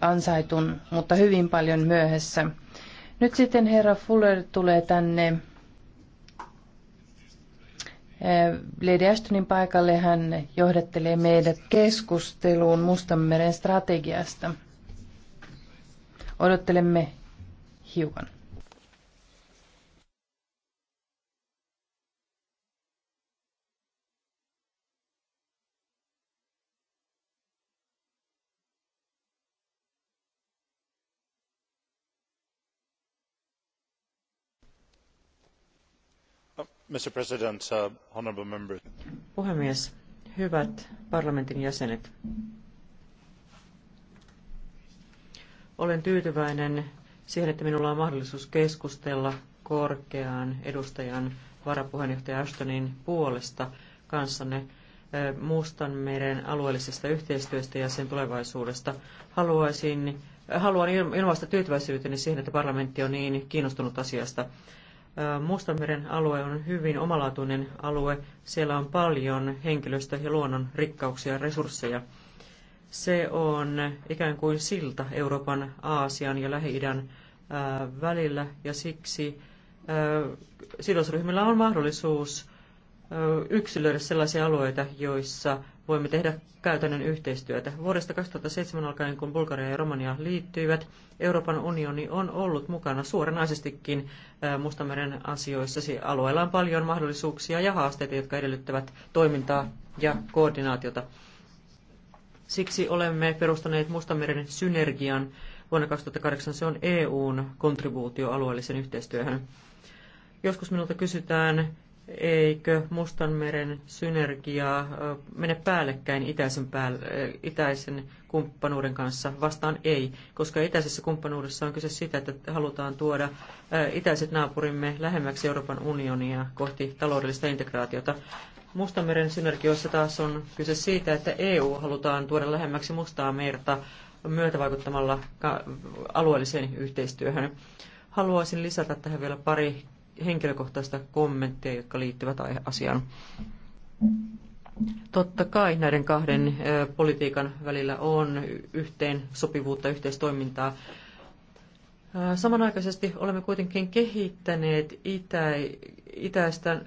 ansaitun, mutta hyvin paljon myöhässä. Nyt sitten herra Fuller tulee tänne eh, Lady Ashtonin paikalle. Hän johdattelee meidät keskusteluun Mustanmeren strategiasta. Odottelemme hiukan. Uh, puhemies hyvät parlamentin jäsenet olen tyytyväinen siihen että minulla on mahdollisuus keskustella korkean edustajan varapuheenjohtaja Ashtonin puolesta kanssanne Mustanmeren alueellisesta yhteistyöstä ja sen tulevaisuudesta. Haluaisin, haluan ilmaista tyytyväisyyteni siihen, että parlamentti on niin kiinnostunut asiasta. Mustanmeren alue on hyvin omalaatuinen alue. Siellä on paljon henkilöstö- ja luonnon rikkauksia ja resursseja. Se on ikään kuin silta Euroopan, Aasian ja Lähi-idän välillä ja siksi sidosryhmillä on mahdollisuus yksilöidä sellaisia alueita, joissa voimme tehdä käytännön yhteistyötä. Vuodesta 2007 alkaen, kun Bulgaria ja Romania liittyivät, Euroopan unioni on ollut mukana suoranaisestikin Mustameren asioissa. Alueella on paljon mahdollisuuksia ja haasteita, jotka edellyttävät toimintaa ja koordinaatiota. Siksi olemme perustaneet Mustameren synergian. Vuonna 2008 se on EUn kontribuutio alueelliseen yhteistyöhön. Joskus minulta kysytään, eikö Mustanmeren synergiaa mene päällekkäin itäisen, päälle, itäisen kumppanuuden kanssa? Vastaan ei, koska itäisessä kumppanuudessa on kyse siitä, että halutaan tuoda itäiset naapurimme lähemmäksi Euroopan unionia kohti taloudellista integraatiota. Mustanmeren synergioissa taas on kyse siitä, että EU halutaan tuoda lähemmäksi Mustaa merta myötävaikuttamalla alueelliseen yhteistyöhön. Haluaisin lisätä tähän vielä pari henkilökohtaista kommenttia, jotka liittyvät asiaan. Totta kai näiden kahden politiikan välillä on yhteen sopivuutta, yhteistoimintaa. Samanaikaisesti olemme kuitenkin kehittäneet itä, itäistä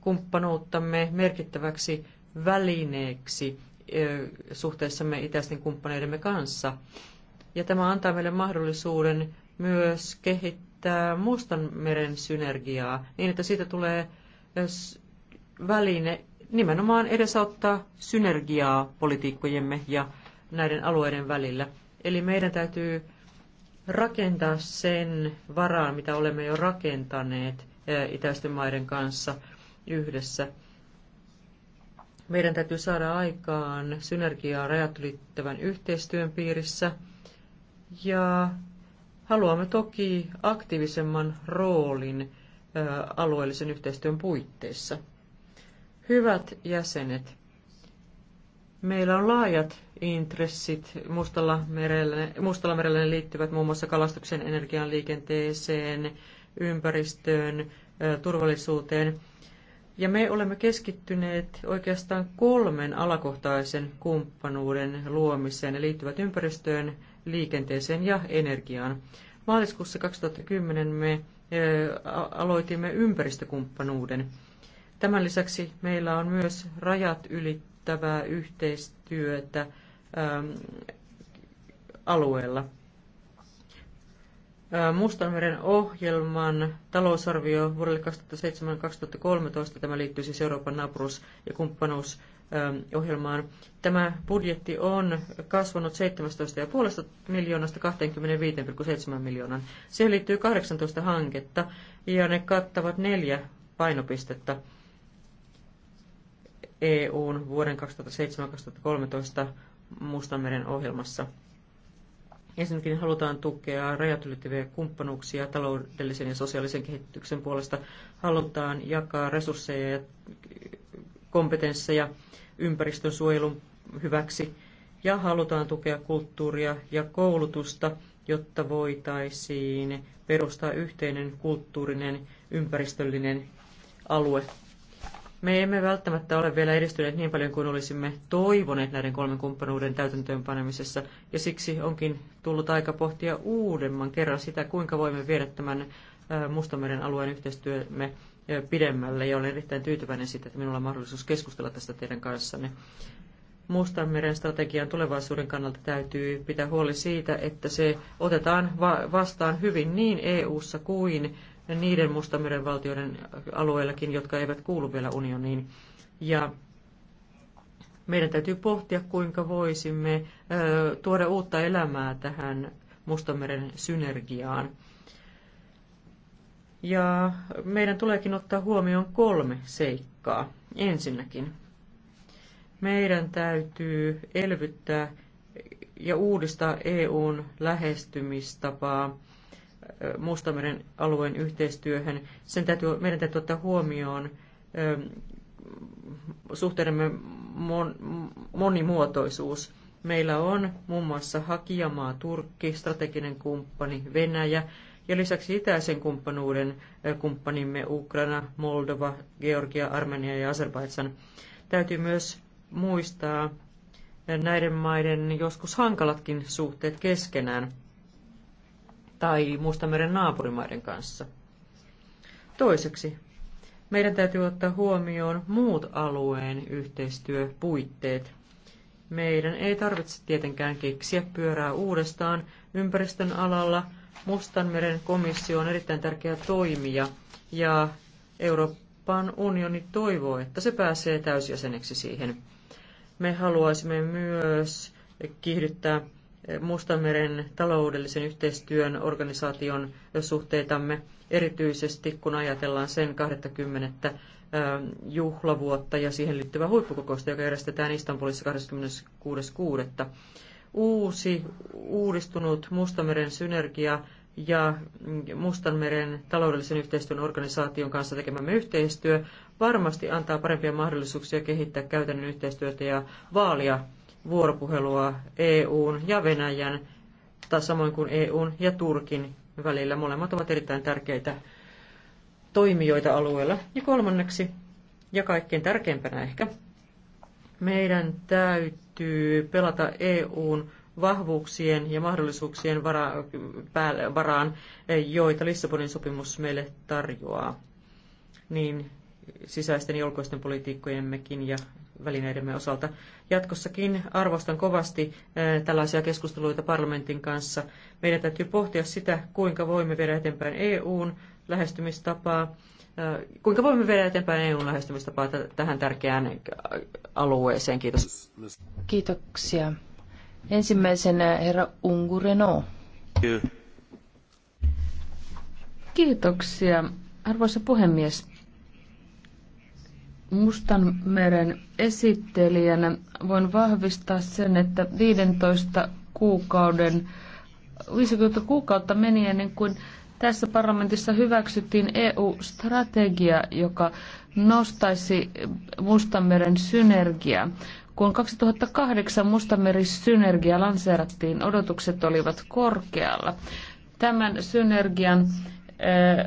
kumppanuuttamme merkittäväksi välineeksi suhteessamme itäisten kumppaneidemme kanssa. Ja tämä antaa meille mahdollisuuden myös kehittää Mustan meren synergiaa niin, että siitä tulee väline nimenomaan edesauttaa synergiaa politiikkojemme ja näiden alueiden välillä. Eli meidän täytyy rakentaa sen varaan, mitä olemme jo rakentaneet itäisten maiden kanssa yhdessä. Meidän täytyy saada aikaan synergiaa rajat ylittävän yhteistyön piirissä ja Haluamme toki aktiivisemman roolin alueellisen yhteistyön puitteissa. Hyvät jäsenet, meillä on laajat intressit Mustalla merellä, Mustalla merellä liittyvät muun muassa kalastuksen, energian, liikenteeseen, ympäristöön, turvallisuuteen. Ja me olemme keskittyneet oikeastaan kolmen alakohtaisen kumppanuuden luomiseen. Ne liittyvät ympäristöön, liikenteeseen ja energiaan. Maaliskuussa 2010 me aloitimme ympäristökumppanuuden. Tämän lisäksi meillä on myös rajat ylittävää yhteistyötä alueella. Mustanmeren ohjelman talousarvio vuodelle 2007-2013, tämä liittyy siis Euroopan naapuruus- ja kumppanuus- Ähm, ohjelmaan. Tämä budjetti on kasvanut 17,5 miljoonasta 25,7 miljoonan. Siihen liittyy 18 hanketta ja ne kattavat neljä painopistettä EUn vuoden 2007-2013 Mustanmeren ohjelmassa. Ensinnäkin halutaan tukea rajat ylittäviä kumppanuuksia taloudellisen ja sosiaalisen kehityksen puolesta. Halutaan jakaa resursseja ja kompetensseja ympäristön suojelun hyväksi ja halutaan tukea kulttuuria ja koulutusta, jotta voitaisiin perustaa yhteinen kulttuurinen ympäristöllinen alue. Me emme välttämättä ole vielä edistyneet niin paljon kuin olisimme toivoneet näiden kolmen kumppanuuden täytäntöönpanemisessa, ja siksi onkin tullut aika pohtia uudemman kerran sitä, kuinka voimme viedä tämän Mustameren alueen yhteistyömme pidemmälle ja olen erittäin tyytyväinen siitä, että minulla on mahdollisuus keskustella tästä teidän kanssanne. Mustanmeren strategian tulevaisuuden kannalta täytyy pitää huoli siitä, että se otetaan vastaan hyvin niin EU-ssa kuin niiden Mustanmeren valtioiden alueillakin, jotka eivät kuulu vielä unioniin. Ja meidän täytyy pohtia, kuinka voisimme tuoda uutta elämää tähän Mustanmeren synergiaan. Ja meidän tuleekin ottaa huomioon kolme seikkaa. Ensinnäkin, meidän täytyy elvyttää ja uudistaa EUn lähestymistapaa Mustameren alueen yhteistyöhön. Sen täytyy, meidän täytyy ottaa huomioon suhteidemme mon, monimuotoisuus. Meillä on muun muassa hakijamaa Turkki, strateginen kumppani Venäjä, ja lisäksi itäisen kumppanuuden kumppanimme Ukraina, Moldova, Georgia, Armenia ja Azerbaidsan. Täytyy myös muistaa näiden maiden joskus hankalatkin suhteet keskenään tai Mustameren naapurimaiden kanssa. Toiseksi, meidän täytyy ottaa huomioon muut alueen yhteistyöpuitteet. Meidän ei tarvitse tietenkään keksiä pyörää uudestaan ympäristön alalla – Mustanmeren komissio on erittäin tärkeä toimija ja Euroopan unioni toivoo, että se pääsee täysjäseneksi siihen. Me haluaisimme myös kiihdyttää Mustanmeren taloudellisen yhteistyön organisaation suhteitamme, erityisesti kun ajatellaan sen 20 ähm, juhlavuotta ja siihen liittyvää huippukokousta, joka järjestetään Istanbulissa 26.6 uusi uudistunut Mustameren synergia ja Mustanmeren taloudellisen yhteistyön organisaation kanssa tekemämme yhteistyö varmasti antaa parempia mahdollisuuksia kehittää käytännön yhteistyötä ja vaalia vuoropuhelua EUn ja Venäjän, tai samoin kuin EUn ja Turkin välillä. Molemmat ovat erittäin tärkeitä toimijoita alueella. Ja kolmanneksi, ja kaikkein tärkeimpänä ehkä, meidän täytyy pelata EUn vahvuuksien ja mahdollisuuksien vara, päälle, varaan, joita Lissabonin sopimus meille tarjoaa, niin sisäisten ja ulkoisten politiikkojemmekin ja välineidemme osalta. Jatkossakin arvostan kovasti tällaisia keskusteluita parlamentin kanssa. Meidän täytyy pohtia sitä, kuinka voimme viedä eteenpäin EUn lähestymistapaa kuinka voimme viedä eteenpäin EUn lähestymistapaa tähän tärkeään alueeseen. Kiitos. Kiitoksia. Ensimmäisenä herra Ungureno. Kiitoksia. Arvoisa puhemies, Mustanmeren esittelijänä voin vahvistaa sen, että 15 kuukauden, 50 kuukautta meni ennen kuin tässä parlamentissa hyväksyttiin EU-strategia, joka nostaisi Mustanmeren synergiaa. Kun 2008 Mustanmeri-synergia lanseerattiin, odotukset olivat korkealla. Tämän synergian eh,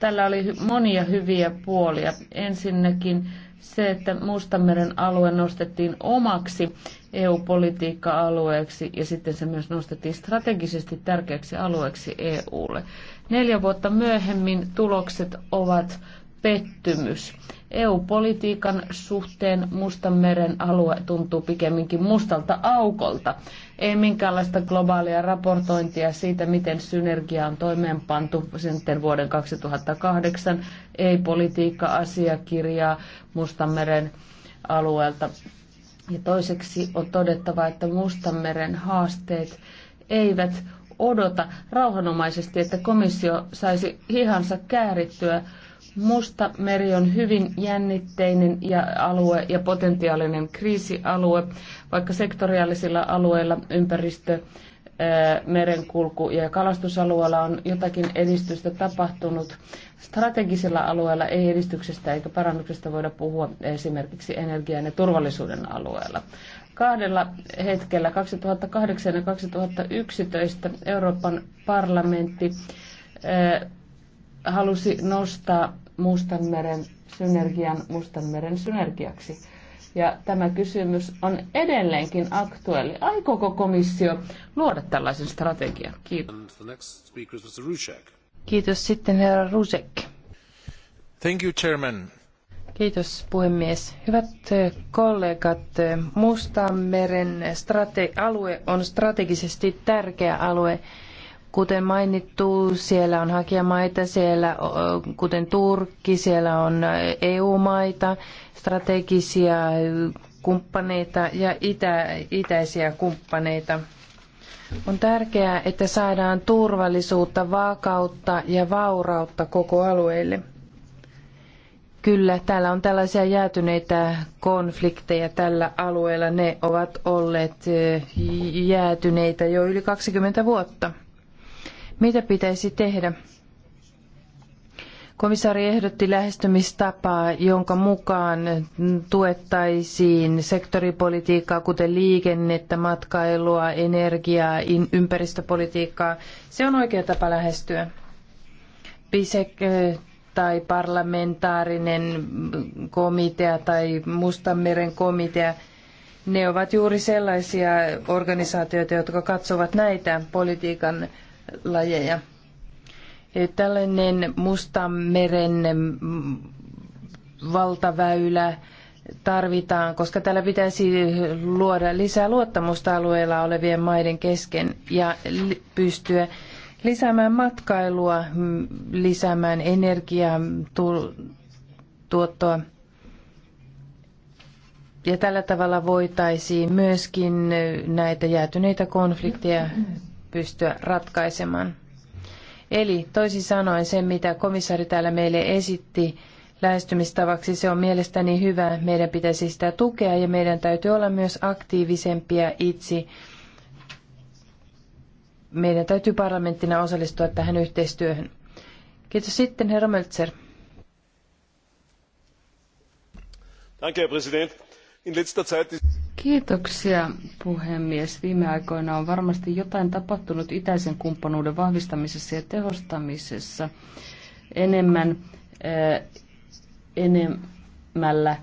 tällä oli monia hyviä puolia. Ensinnäkin se, että Mustanmeren alue nostettiin omaksi EU-politiikka-alueeksi ja sitten se myös nostettiin strategisesti tärkeäksi alueeksi EUlle. Neljä vuotta myöhemmin tulokset ovat pettymys. EU-politiikan suhteen Mustanmeren alue tuntuu pikemminkin mustalta aukolta. Ei minkäänlaista globaalia raportointia siitä, miten synergia on toimeenpantu sitten vuoden 2008. Ei politiikka-asiakirjaa Mustanmeren alueelta ja toiseksi on todettava, että Mustanmeren haasteet eivät odota rauhanomaisesti, että komissio saisi hihansa käärittyä. Musta meri on hyvin jännitteinen ja alue ja potentiaalinen kriisialue, vaikka sektoriaalisilla alueilla ympäristö merenkulku- ja kalastusalueella on jotakin edistystä tapahtunut. Strategisilla alueilla ei edistyksestä eikä parannuksesta voida puhua esimerkiksi energian ja turvallisuuden alueella. Kahdella hetkellä 2008 ja 2011 Euroopan parlamentti halusi nostaa Mustanmeren synergian Mustanmeren synergiaksi. Ja tämä kysymys on edelleenkin aktuelli. Aikooko komissio luoda tällaisen strategian? Kiitos. Kiitos sitten herra Rusek. Thank you, chairman. Kiitos puhemies. Hyvät eh, kollegat, eh, Mustanmeren strate- alue on strategisesti tärkeä alue Kuten mainittu, siellä on hakijamaita, siellä kuten Turkki, siellä on EU-maita, strategisia kumppaneita ja itä, itäisiä kumppaneita. On tärkeää, että saadaan turvallisuutta, vakautta ja vaurautta koko alueelle. Kyllä, täällä on tällaisia jäätyneitä konflikteja tällä alueella. Ne ovat olleet jäätyneitä jo yli 20 vuotta. Mitä pitäisi tehdä? Komissaari ehdotti lähestymistapaa, jonka mukaan tuettaisiin sektoripolitiikkaa, kuten liikennettä, matkailua, energiaa, ympäristöpolitiikkaa. Se on oikea tapa lähestyä. Pisek eh, tai parlamentaarinen komitea tai Mustanmeren komitea, ne ovat juuri sellaisia organisaatioita, jotka katsovat näitä politiikan lajeja. Tällainen meren valtaväylä tarvitaan, koska täällä pitäisi luoda lisää luottamusta alueella olevien maiden kesken ja pystyä lisäämään matkailua, mm, lisäämään energiaa, tuottoa. Ja tällä tavalla voitaisiin myöskin näitä jäätyneitä konflikteja pystyä ratkaisemaan. Eli toisin sanoen se, mitä komissaari täällä meille esitti lähestymistavaksi, se on mielestäni hyvä. Meidän pitäisi sitä tukea ja meidän täytyy olla myös aktiivisempia itse. Meidän täytyy parlamenttina osallistua tähän yhteistyöhön. Kiitos sitten, herra Möltser. Danke, herr Präsident. In letzter Zeit ist Kiitoksia puhemies. Viime aikoina on varmasti jotain tapahtunut itäisen kumppanuuden vahvistamisessa ja tehostamisessa enemmän, äh, enemmällä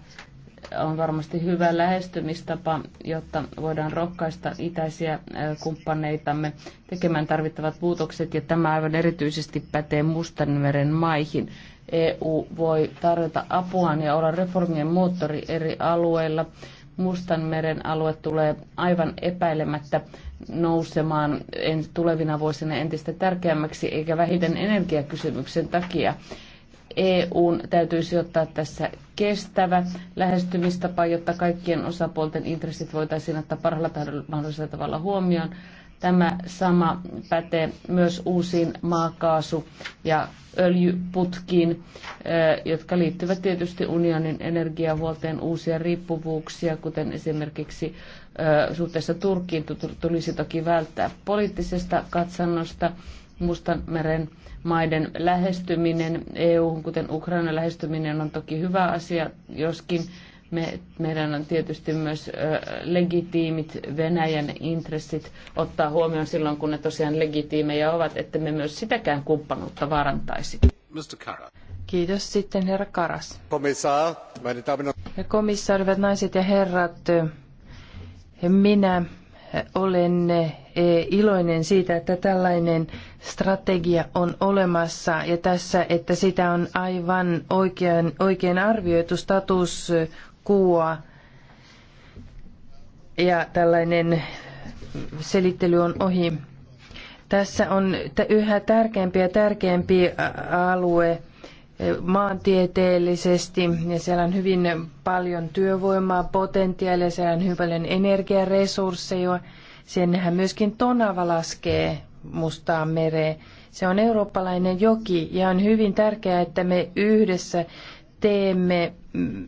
on varmasti hyvä lähestymistapa, jotta voidaan rohkaista itäisiä eh, kumppaneitamme tekemään tarvittavat muutokset, ja tämä aivan erityisesti pätee Mustanmeren maihin. EU voi tarjota apuaan ja olla reformien moottori eri alueilla. Mustanmeren alue tulee aivan epäilemättä nousemaan tulevina vuosina entistä tärkeämmäksi, eikä vähiten energiakysymyksen takia. EUn täytyisi ottaa tässä kestävä lähestymistapa, jotta kaikkien osapuolten intressit voitaisiin ottaa parhaalla mahdollisella tavalla huomioon Tämä sama pätee myös uusiin maakaasu- ja öljyputkiin, jotka liittyvät tietysti unionin energiahuolteen uusia riippuvuuksia, kuten esimerkiksi suhteessa Turkkiin tulisi toki välttää poliittisesta katsannosta. Mustanmeren maiden lähestyminen EU, kuten Ukrainan lähestyminen, on toki hyvä asia, joskin me, meidän on tietysti myös legitiimit Venäjän intressit ottaa huomioon silloin, kun ne tosiaan legitiimejä ovat, että me myös sitäkään kumppanuutta vaarantaisi. Mr. Kara. Kiitos sitten herra Karas. Komissaar, hyvät naiset ja herrat, minä olen iloinen siitä, että tällainen strategia on olemassa ja tässä, että sitä on aivan oikein, oikein arvioitu status kuoa Ja tällainen selittely on ohi. Tässä on yhä tärkeämpi ja tärkeämpi alue e, maantieteellisesti ja siellä on hyvin paljon työvoimaa, potentiaalia, siellä on hyvin paljon energiaresursseja. Senhän myöskin Tonava laskee Mustaan mereen. Se on eurooppalainen joki ja on hyvin tärkeää, että me yhdessä teemme mm,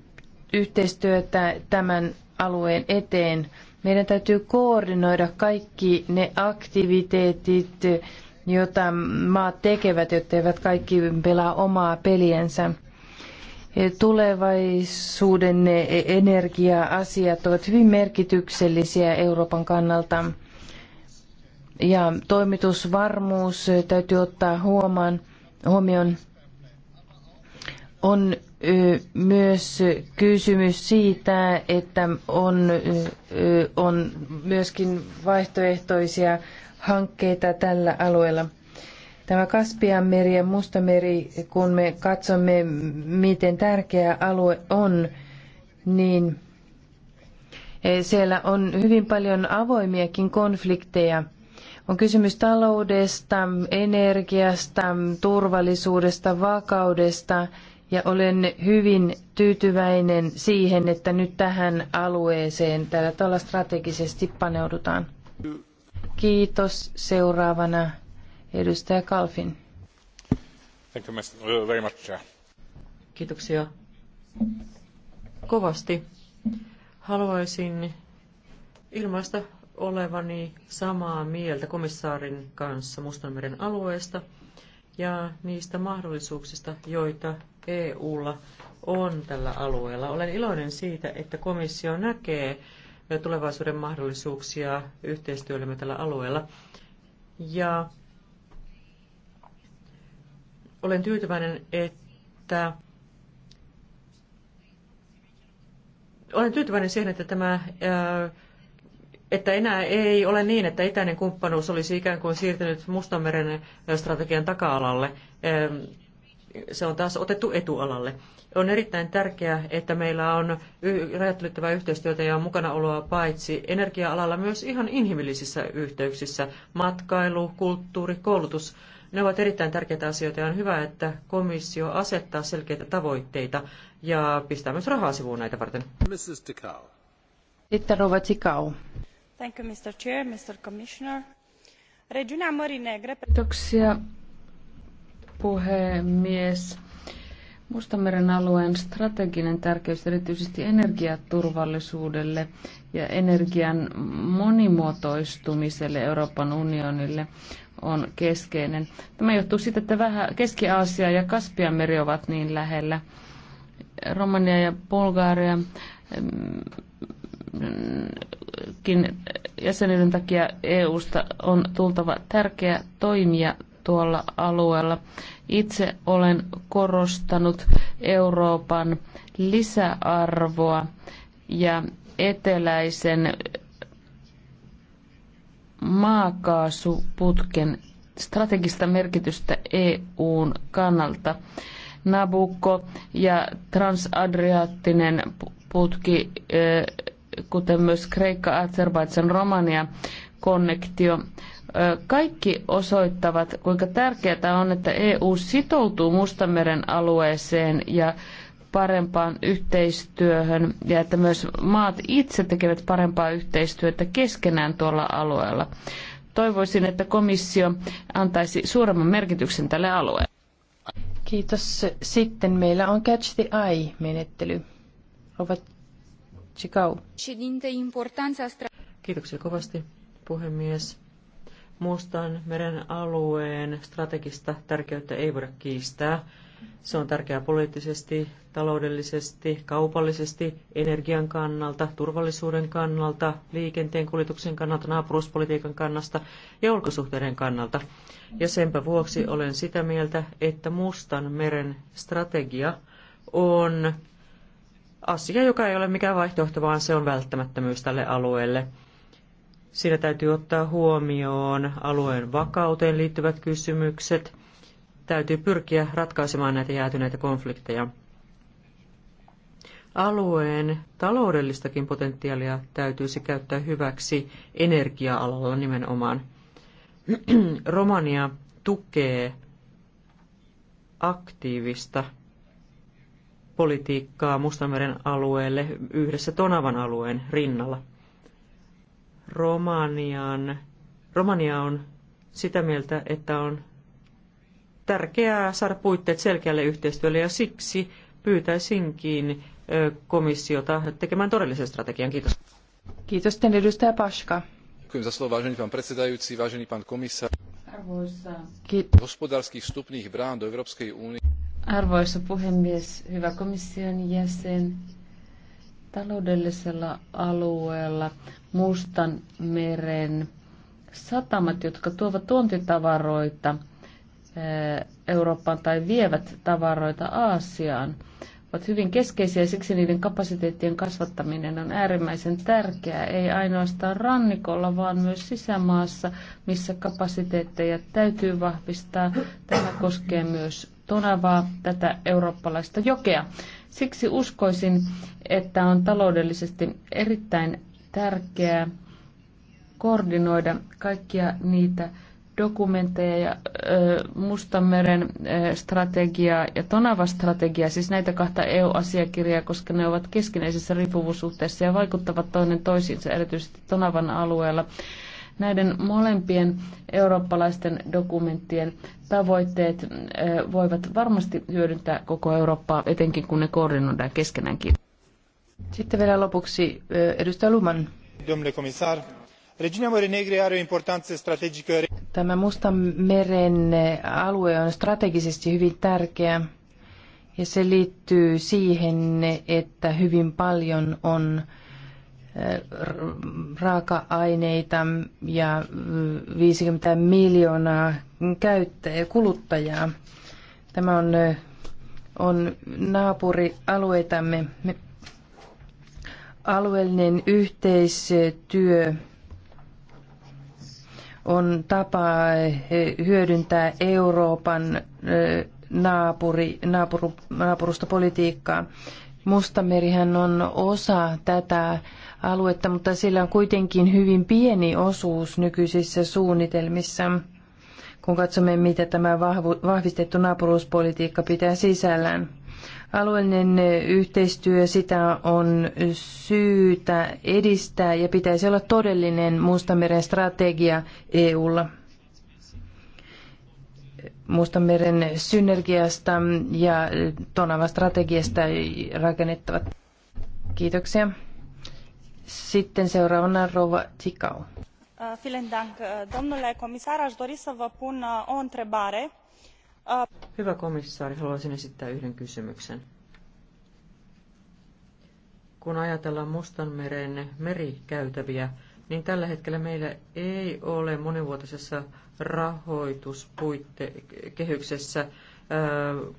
yhteistyötä tämän alueen eteen. Meidän täytyy koordinoida kaikki ne aktiviteetit, joita maat tekevät, jotta eivät kaikki pelaa omaa peliänsä. E, tulevaisuuden energia-asiat ovat hyvin merkityksellisiä Euroopan kannalta. Ja toimitusvarmuus täytyy ottaa huomaan, huomioon on myös kysymys siitä, että on, on myöskin vaihtoehtoisia hankkeita tällä alueella. Tämä Kaspianmeri ja Mustameri, kun me katsomme, miten tärkeä alue on, niin e, siellä on hyvin paljon avoimiakin konflikteja. On kysymys taloudesta, energiasta, turvallisuudesta, vakaudesta ja olen hyvin tyytyväinen siihen, että nyt tähän alueeseen tällä tavalla strategisesti paneudutaan. Kiitos. Seuraavana edustaja Kalfin. Thank you very much. Kiitoksia kovasti. Haluaisin ilmaista olevani samaa mieltä komissaarin kanssa Mustanmeren alueesta ja niistä mahdollisuuksista, joita EUlla on tällä alueella. Olen iloinen siitä, että komissio näkee tulevaisuuden mahdollisuuksia yhteistyöllemme tällä alueella. Ja olen tyytyväinen, että olen tyytyväinen siihen, että tämä äh, että enää ei ole niin, että itäinen kumppanuus olisi ikään kuin siirtynyt Mustanmeren äh, strategian taka-alalle. Ähm, se on taas otettu etualalle. On erittäin tärkeää, että meillä on rajattelyttävää yhteistyötä ja mukana oloa paitsi energia-alalla myös ihan inhimillisissä yhteyksissä. Matkailu, kulttuuri, koulutus, ne ovat erittäin tärkeitä asioita ja on hyvä, että komissio asettaa selkeitä tavoitteita ja pistää myös rahaa sivuun näitä varten. Mrs. Sitten Rova Tikau. Thank you, Mr. Chair, Mr. Commissioner. Negre... Kiitoksia, puhemies. Mustameren alueen strateginen tärkeys erityisesti energiaturvallisuudelle ja energian monimuotoistumiselle Euroopan unionille on keskeinen. Tämä johtuu siitä, että vähän Keski-Aasia ja Kaspian meri ovat niin lähellä. Romania ja Bulgaria mm, jäsenyyden takia EUsta on tultava tärkeä toimija tuolla alueella. Itse olen korostanut Euroopan lisäarvoa ja eteläisen maakaasuputken strategista merkitystä EUn kannalta. Nabucco ja transadriaattinen putki, kuten myös Kreikka, Azerbaidsan, Romania, konnektio kaikki osoittavat, kuinka tärkeää on, että EU sitoutuu Mustanmeren alueeseen ja parempaan yhteistyöhön ja että myös maat itse tekevät parempaa yhteistyötä keskenään tuolla alueella. Toivoisin, että komissio antaisi suuremman merkityksen tälle alueelle. Kiitos. Sitten meillä on Catch the Eye-menettely. Ovat Chikau. Kiitoksia kovasti, puhemies. Mustan meren alueen strategista tärkeyttä ei voida kiistää. Se on tärkeää poliittisesti, taloudellisesti, kaupallisesti, energian kannalta, turvallisuuden kannalta, liikenteen kuljetuksen kannalta, naapuruuspolitiikan kannasta ja ulkosuhteiden kannalta. Ja senpä vuoksi olen sitä mieltä, että Mustan meren strategia on asia, joka ei ole mikään vaihtoehto, vaan se on välttämättömyys tälle alueelle – Siinä täytyy ottaa huomioon alueen vakauteen liittyvät kysymykset. Täytyy pyrkiä ratkaisemaan näitä jäätyneitä konflikteja. Alueen taloudellistakin potentiaalia täytyisi käyttää hyväksi energia-alalla nimenomaan. Romania tukee aktiivista politiikkaa Mustanmeren alueelle yhdessä Tonavan alueen rinnalla. Romanian, Romania on sitä mieltä, että on tärkeää saada puitteet selkeälle yhteistyölle ja siksi pyytäisinkin komissiota tekemään todellisen strategian. Kiitos. Kiitos, teidän edustaja Paska. Ďakujem za slovo, vážený pán predsedajúci, vážený pán komisár. Arvoisa. Ki... Hospodárskych vstupných brán do Európskej únie. Arvoisa puhemies, hyvä komission jäsen. Taloudellisella alueella Mustan meren satamat, jotka tuovat tuontitavaroita eh, Eurooppaan tai vievät tavaroita Aasiaan, ovat hyvin keskeisiä ja siksi niiden kapasiteettien kasvattaminen on äärimmäisen tärkeää, ei ainoastaan rannikolla, vaan myös sisämaassa, missä kapasiteetteja täytyy vahvistaa. Tämä koskee myös Tonavaa, tätä eurooppalaista jokea. Siksi uskoisin, että on taloudellisesti erittäin tärkeää koordinoida kaikkia niitä dokumentteja ja Mustanmeren strategiaa ja Tonava-strategiaa, siis näitä kahta EU-asiakirjaa, koska ne ovat keskinäisessä riippuvuussuhteessa ja vaikuttavat toinen toisiinsa, erityisesti Tonavan alueella. Näiden molempien eurooppalaisten dokumenttien tavoitteet voivat varmasti hyödyntää koko Eurooppaa, etenkin kun ne koordinoidaan keskenäänkin. Sitten vielä lopuksi edustaja Luman. Domnule komissar, regiunea Mării Negre are o importanță strategică. Tämä Mustanmeren alue on strategisesti hyvin tärkeä ja se liittyy siihen, että hyvin paljon on raaka-aineita ja 50 miljoonaa käyttäjä, kuluttajaa. Tämä on, on naapurialueitamme. Me Alueellinen yhteistyö on tapa eh, hyödyntää Euroopan eh, naapuri, naapuru, naapurustopolitiikkaa. Mustamerihän on osa tätä aluetta, mutta sillä on kuitenkin hyvin pieni osuus nykyisissä suunnitelmissa, kun katsomme, mitä tämä vahvistettu naapuruuspolitiikka pitää sisällään. Alueellinen yhteistyö, sitä on syytä edistää ja pitäisi olla todellinen Mustanmeren strategia EUlla. Mustanmeren synergiasta ja Tonava strategiasta rakennettavat. Kiitoksia. Sitten seuraavana Rova Tikau. Uh, vielen Dank. Uh, domnule comisar, aș dori să vă pun uh, o întrebare Hyvä komissaari, haluaisin esittää yhden kysymyksen. Kun ajatellaan Mustanmeren merikäytäviä, niin tällä hetkellä meillä ei ole monivuotisessa rahoituspuittekehyksessä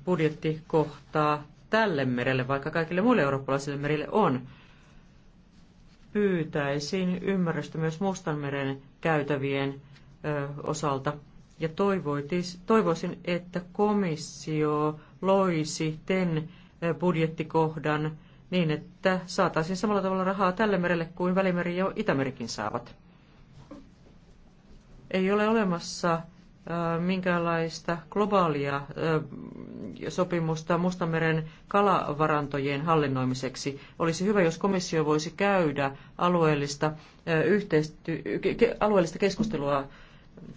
budjettikohtaa tälle merelle, vaikka kaikille muille eurooppalaisille merille on. Pyytäisin ymmärrystä myös Mustanmeren käytävien osalta ja toivoisin, että komissio loisi TEN eh, budjettikohdan niin, että saataisiin samalla tavalla rahaa tälle merelle kuin Välimeri ja Itämerikin saavat. Ei ole olemassa eh, minkäänlaista globaalia eh, sopimusta Mustameren kalavarantojen hallinnoimiseksi. Olisi hyvä, jos komissio voisi käydä alueellista, alueellista keskustelua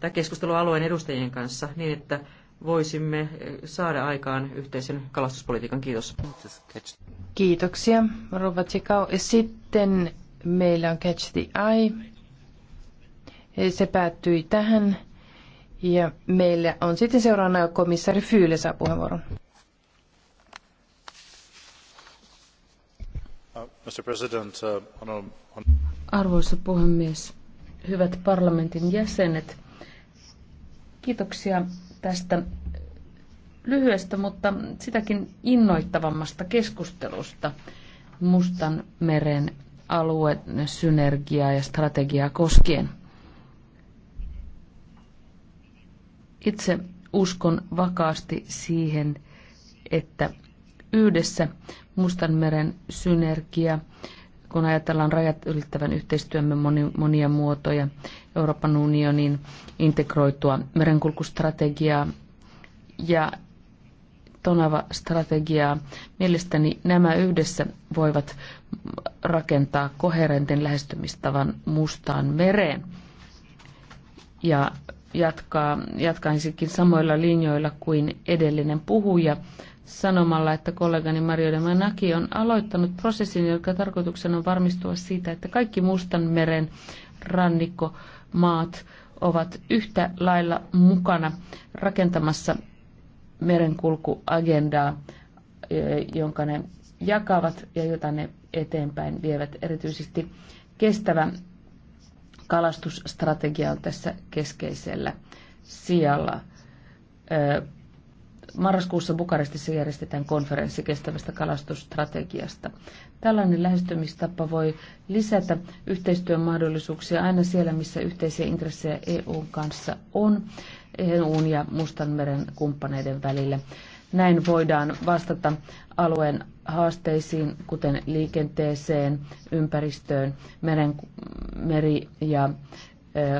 tämän keskustelua alueen edustajien kanssa niin, että voisimme eh, saada aikaan yhteisen kalastuspolitiikan. Kiitos. Kiitoksia, Rova Tsikau. Sitten meillä on Catch the Eye. Eh, se päättyi tähän. Ja meillä on sitten seuraavana komissaari Fyyle saa puheenvuoron. Uh, uh, Arvoisa puhemies, hyvät parlamentin jäsenet, Kiitoksia tästä lyhyestä, mutta sitäkin innoittavammasta keskustelusta Mustan meren alueen synergiaa ja strategiaa koskien. Itse uskon vakaasti siihen, että yhdessä Mustanmeren synergia, kun ajatellaan rajat ylittävän yhteistyömme monia muotoja, Euroopan unionin integroitua merenkulkustrategiaa ja Tonava-strategiaa. Mielestäni nämä yhdessä voivat rakentaa koherentin lähestymistavan mustaan mereen. Ja jatkaa, jatkaisikin samoilla linjoilla kuin edellinen puhuja sanomalla, että kollegani Mario de Manaki on aloittanut prosessin, joka tarkoituksena on varmistua siitä, että kaikki Mustanmeren rannikkomaat ovat yhtä lailla mukana rakentamassa merenkulkuagendaa, eh, jonka ne jakavat ja jota ne eteenpäin vievät. Erityisesti kestävä kalastusstrategia on tässä keskeisellä sijalla eh, marraskuussa Bukarestissa järjestetään konferenssi kestävästä kalastusstrategiasta. Tällainen lähestymistapa voi lisätä yhteistyön mahdollisuuksia aina siellä, missä yhteisiä intressejä EUn kanssa on, EUn ja Mustanmeren kumppaneiden välillä. Näin voidaan vastata alueen haasteisiin, kuten liikenteeseen, ympäristöön, meren, meri- ja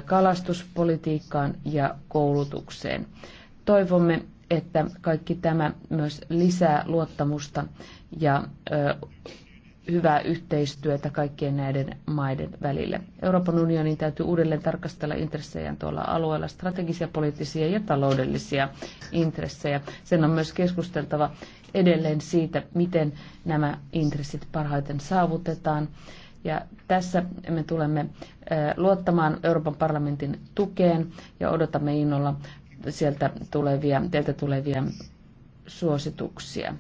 kalastuspolitiikkaan ja koulutukseen. Toivomme, että kaikki tämä myös lisää luottamusta ja hyvää yhteistyötä kaikkien näiden maiden välillä. Euroopan unionin täytyy uudelleen tarkastella intressejä tuolla alueella, strategisia, poliittisia ja taloudellisia intressejä. Sen on myös keskusteltava edelleen siitä, miten nämä intressit parhaiten saavutetaan. Ja tässä me tulemme luottamaan Euroopan parlamentin tukeen ja odotamme innolla sieltä tulevia, teiltä tulevia suosituksia.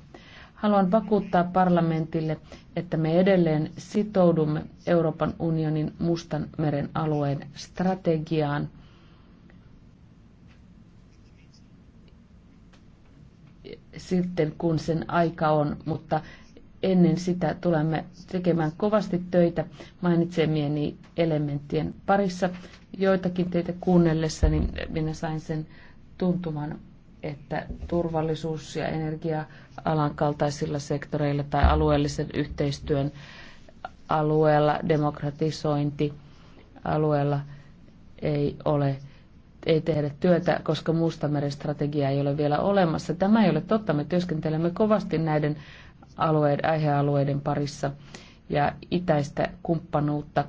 Haluan vakuuttaa parlamentille, että me edelleen sitoudumme Euroopan unionin Mustan meren alueen strategiaan. Sitten kun sen aika on, mutta ennen sitä tulemme tekemään kovasti töitä mainitsemieni elementtien parissa. Joitakin teitä kuunnellessani minä sain sen tuntuman, että turvallisuus- ja energia-alan kaltaisilla sektoreilla tai alueellisen yhteistyön alueella, demokratisointi alueella ei ole ei tehdä työtä, koska Mustameren strategia ei ole vielä olemassa. Tämä ei ole totta. Me työskentelemme kovasti näiden alueiden, aihealueiden parissa ja itäistä kumppanuutta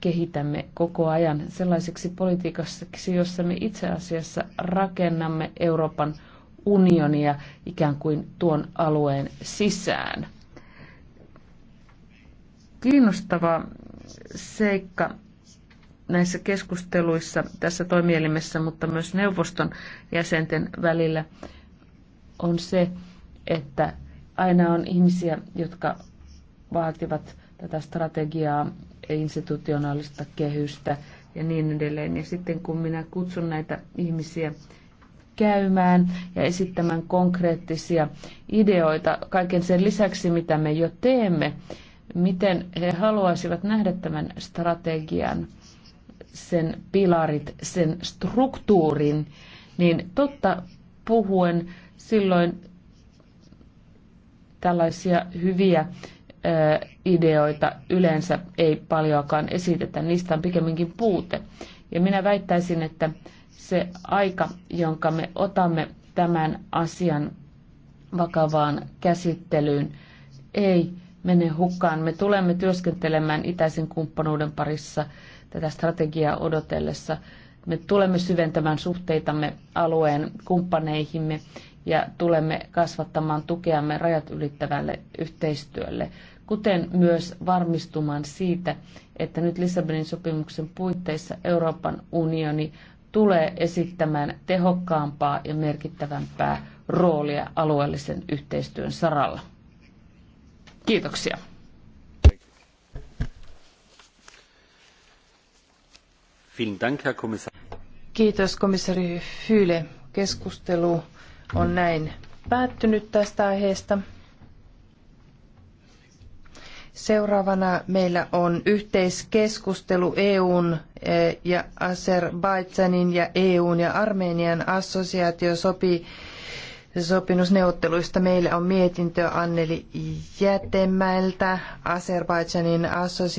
kehitämme koko ajan sellaiseksi politiikaksi, jossa me itse asiassa rakennamme Euroopan unionia ikään kuin tuon alueen sisään. Kiinnostava seikka näissä keskusteluissa tässä toimielimessä, mutta myös neuvoston jäsenten välillä on se, että aina on ihmisiä, jotka vaativat tätä strategiaa institutionaalista kehystä ja niin edelleen. Ja sitten kun minä kutsun näitä ihmisiä käymään ja esittämään konkreettisia ideoita kaiken sen lisäksi, mitä me jo teemme, miten he haluaisivat nähdä tämän strategian, sen pilarit, sen struktuurin, niin totta puhuen silloin tällaisia hyviä ideoita yleensä ei paljoakaan esitetä, niistä on pikemminkin puute. Ja minä väittäisin, että se aika, jonka me otamme tämän asian vakavaan käsittelyyn, ei mene hukkaan. Me tulemme työskentelemään itäisen kumppanuuden parissa tätä strategiaa odotellessa. Me tulemme syventämään suhteitamme alueen kumppaneihimme ja tulemme kasvattamaan tukeamme rajat ylittävälle yhteistyölle kuten myös varmistumaan siitä, että nyt Lissabonin sopimuksen puitteissa Euroopan unioni tulee esittämään tehokkaampaa ja merkittävämpää roolia alueellisen yhteistyön saralla. Kiitoksia. Kiitos komissari Füle. Keskustelu on näin päättynyt tästä aiheesta. Seuraavana meillä on yhteiskeskustelu EUn eh, ja Azerbaidsanin ja EUn ja Armenian sopi sopimusneuvotteluista. Meillä on mietintö Anneli Jätemäeltä Azerbaidsanin assosiaatiosopimuksesta.